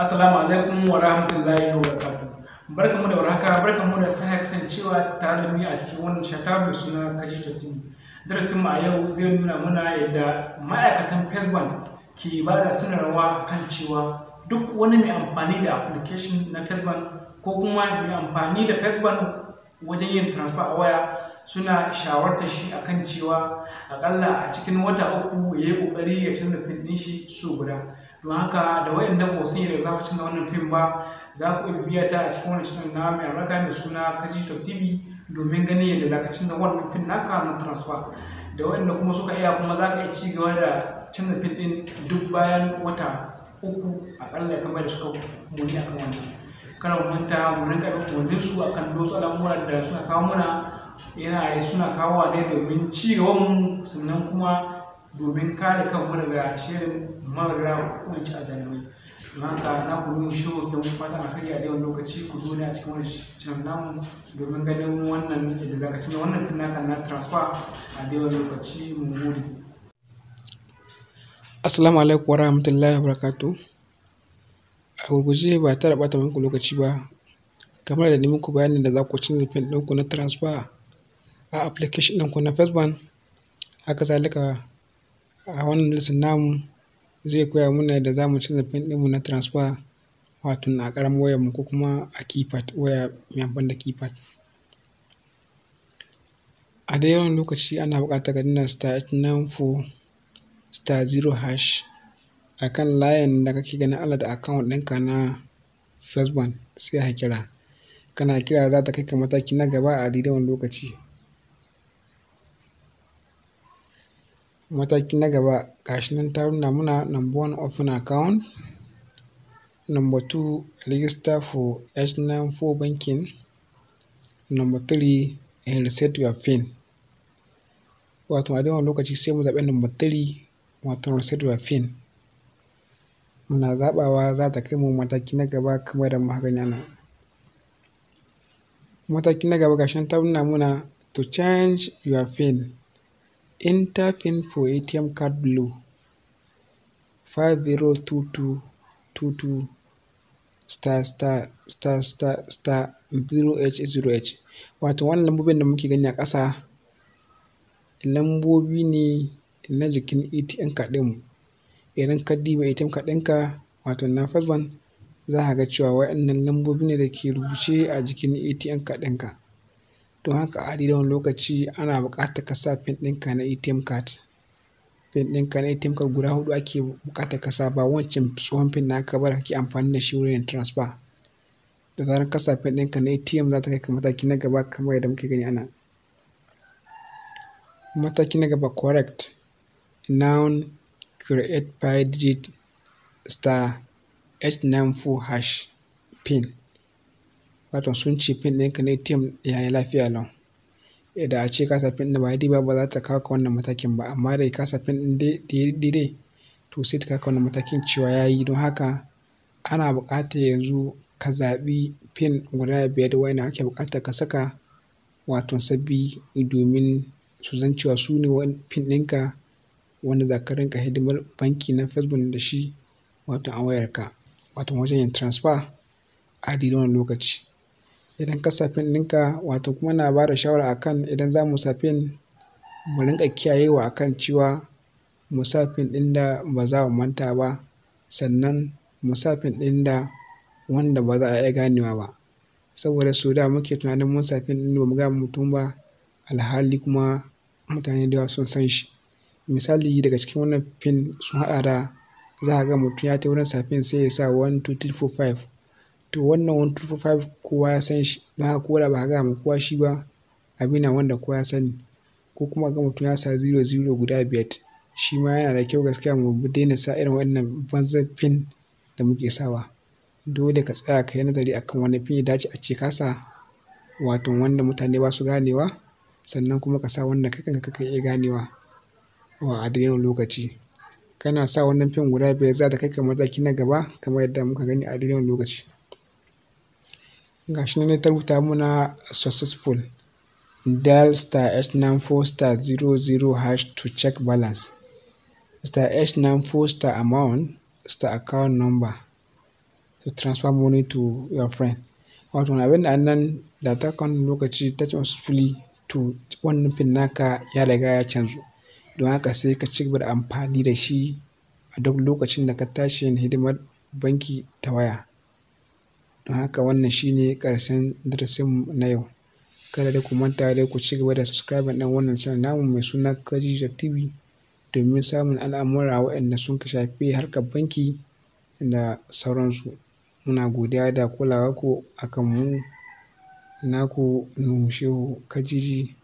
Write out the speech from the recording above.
Assalamu alaikum wa rahmatullahi wa barakatuh. Barkanmu da warhaka, barkanmu da sake kasancewa tare da a cikin wannan shata mai suna kashi ta tuni. Darasin mu a yau zai nuna muna yadda ma'aikatan Facebook ke ba da sanarwa kan cewa duk wani mai amfani da application na Facebook ko kuma mai amfani da Facebook wajen yin transfer a waya suna shawarta shi akan cewa akalla a cikin wata uku ya yi kokari ya canza pin ɗin shi so guda. don haka da da ko sun da za ku cinna wannan fim ba za ku iya biya ta a cikin wannan shirin na mai albarka mai suna kaji top tv domin ganin yadda za ka cinna wannan fim naka na transfer da da kuma suka iya kuma za ka iya ci gaba da cinna fim ɗin duk bayan wata uku a ƙalla kamar da suka muni akan wannan kana manta mu rinka su akan dosu al'amura da suna kawo muna yana suna kawowa ne domin ci gaban mu sannan kuma domin kare kanmu daga shirin mara wancan azalimai don haka na ku nuna shirin ke muku fata alkhairi a da yawan lokaci ku zo ne a cikin wani can namu domin ganin wannan cikin wannan tunakan na transfer a da yawan lokaci mun muri. Assalamu alaikum wa rahmatullahi wa barakatu. A gurguje ba tara bata muku lokaci ba kamar da ni muku bayani da za ku cin zafin ɗauku na transfer a application ɗinku na Facebook haka zalika a wannan lesson namu zai koya muna yadda za mu canza pin ɗinmu na transfer wato a ƙaramin wayarmu ko kuma a keypad waya mai amfani da keypad. A dai yawan lokaci ana buƙatar ka dina star nine four star zero hash a kan layin da kake ganin da account ɗinka na first bank sai a kira. Kana kira za ta kai ka mataki na gaba a dai lokaci. mataki na gaba gashi nan ta nuna muna number one open account number two register for H nan for banking number three reset your pin wato a wannan lokaci sai mu zaɓi number three wato reset your pin muna zaɓawa za ta kai mu mataki na gaba kamar da mu gani nan mataki na gaba gashi nan ta nuna muna to change your pin Interfin Poetium card Blue star (0h0h) Wato wannan lambobin da muke gani a ƙasa lambobi ne na jikin ATM card mu, Idan ka duba ATM card ɗinka wato na First za ka ga cewa waɗannan lambobi ne da ke rubuce a jikin ATM card ɗinka. Don haka a wani lokaci ana bukatar ka sa pin ɗinka na ATM card. Pin ɗinka na ATM card guda hudu ake bukatar ka sa ba wancan tsohon pin naka aka bar kake amfani da shi wurin transfer. Da zarar ka sa pin ɗinka na ATM za ta kai ka mataki na gaba kamar yadda muke gani ana Mataki na gaba correct noun create by digit star H94 hash pin. Wato sun ce pin ɗinka ne tim yi lafiya lau. Eh, da a ce kasa pin ɗin ba daidai ba za ta kawo ka wannan matakin ba amma dai kasa pin ɗin daidai to sai ta kawo ka wannan matakin cewa ya yi Don haka ana bukata yanzu ka zaɓi pin guda biyar da wani ake buƙatar ka saka wato sabbi domin su zan cewa su ne pin ɗinka wanda za ka rinka hidimar banki na Facebook da shi wato a wayarka wato wajen yin transfer a dina wannan lokaci. ka kasafin ɗinka wato kuma na bada shawara a kan idan za mu safin mu rinka kiyayewa akan cewa musafin ɗin da ba za mu manta ba sannan musafin ɗin da wanda ba za a iya ganewa ba saboda su da muke tunanin musafin ɗin ba mu ga mutum ba alhali kuma mutane da yawa sun san shi misali daga cikin wannan fin sun haɗa da za a ga mutum ya ta wurin safin sai ya sa 1 2 3 4 5. to wannan 1245 kowa ya san shi na haka ko ba a gaya kowa shi ba abin na wanda kowa ya sani ko kuma ga mutum ya sa 00 guda biyar shi ma yana da kyau gaskiya mu daina sa irin wannan banzan fin da muke sawa dole ka tsaya ka yi nazari akan wani fin ya dace a ce ka sa wato wanda mutane ba su ganewa sannan kuma ka sa wanda kai kanka kai iya ganewa wa a lokaci kana sa wannan fin guda biyar za ta kai ka mataki na gaba kamar yadda muka gani a daidai lokaci gashi nan ta rubuta muna successful dial star h94 star 00 hash to check balance star h94 star amount star account number to transfer money to your friend wato abin da nan da ta kan lokaci ta successfully to wannan pin naka ya riga ya canzu don haka sai ka ci da amfani da shi a duk lokacin da ka tashi yin hidimar banki ta waya Don haka wannan shine ƙarshen darasin na yau. Kada dai ku manta dai ku ci gaba da subscribe ɗin wannan channel namu mai suna Khadija TV domin samun al'amura waɗanda sun shafi harkar banki da sauransu. Muna godiya da kulawa ku a kan mu. Naku nushehu kajiji.